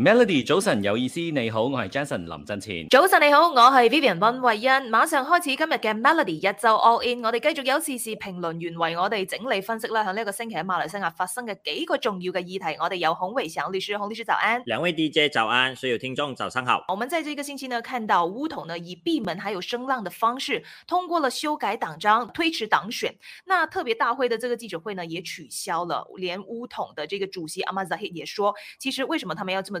Melody，早晨有意思，你好，我是 Jason 林振前。早晨你好，我是 Vivian 溫慧恩。馬上開始今日嘅 Melody 一周 all in，我哋繼續有時事評論員為我哋整理分析啦。喺呢一個星期喺馬來西亞發生嘅幾個重要嘅議題，我哋有孔維祥律師。孔律師早安。兩位 DJ 早安，所有聽眾早上好。我們在這個星期呢，看到巫統呢以閉門還有聲浪的方式通過了修改黨章，推遲黨選。那特別大會的這個記者會呢也取消了。連巫統的這個主席阿馬扎希也說，其實為什麼他們要這麼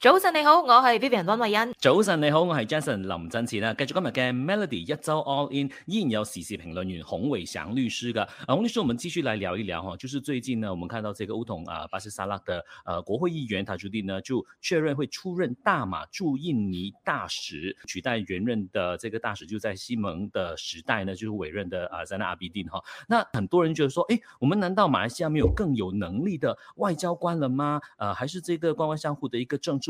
早晨你好，我是 Vivian 溫慧欣。早晨你好，我是 Jason 林振慈啦。繼續今日嘅 Melody 一周 All In，依然有 c 評論員洪偉祥律師噶，阿孔律師，我們繼續來聊一聊哈，就是最近呢，我們看到這個烏桐啊、uh, 巴斯沙拉的誒、呃、國會議員塔朱蒂呢，就確認會出任大馬駐印尼大使，取代原任的這個大使，就在西蒙的時代呢，就是委任的啊塞納阿比定哈。那很多人覺得說，誒，我們難道馬來西亞沒有更有能力的外交官了嗎？誒、呃，還是這個官官相護的一個政治？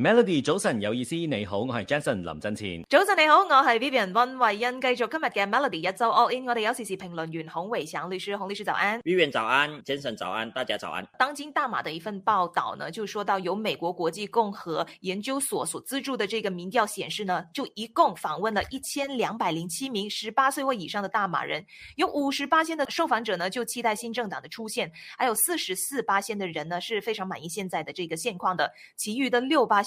Melody 早晨有意思。你好，我係 Jason 林振前。早晨你好，我係 Vivian 溫慧欣。繼續今日嘅 Melody 一周 all in，我哋有時事評論員洪偉祥律師。洪律師早安，Vivian 早安，Jason 早安，大家早安。當今大馬的一份報道呢，就說到由美國國際共和研究所所資助的這個民調顯示呢，就一共訪問了一千兩百零七名十八歲或以上的大馬人，有五十巴仙的受訪者呢就期待新政黨的出現，還有四十四巴仙的人呢是非常滿意現在的這個現況的，其餘的六巴。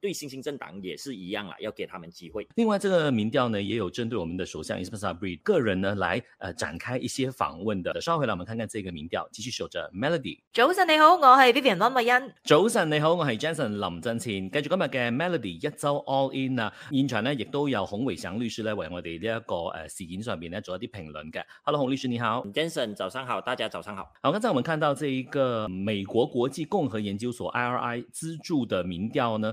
對新興政黨也是一樣啦，要給他們機會。另外，這個民調呢，也有針對我們的首相 Ismail Sabri 個人呢，來，呃，展開一些訪問的。稍後呢，我們看看呢一個民調。繼續守着 Melody。早晨你好，我係 Vivian 温慧欣早晨你好，我係 Jason 林振前。繼續今日嘅 Melody 一周 All In 啊，現場呢，亦都有洪偉祥律師咧，為我哋呢一個，誒、呃，事件上邊咧，做一啲評論嘅。Hello，洪律師你好。Jason 早上好，大家早上好。好，剛才我們看到這一個美國國際共和研究所 IRI 資助的民調呢。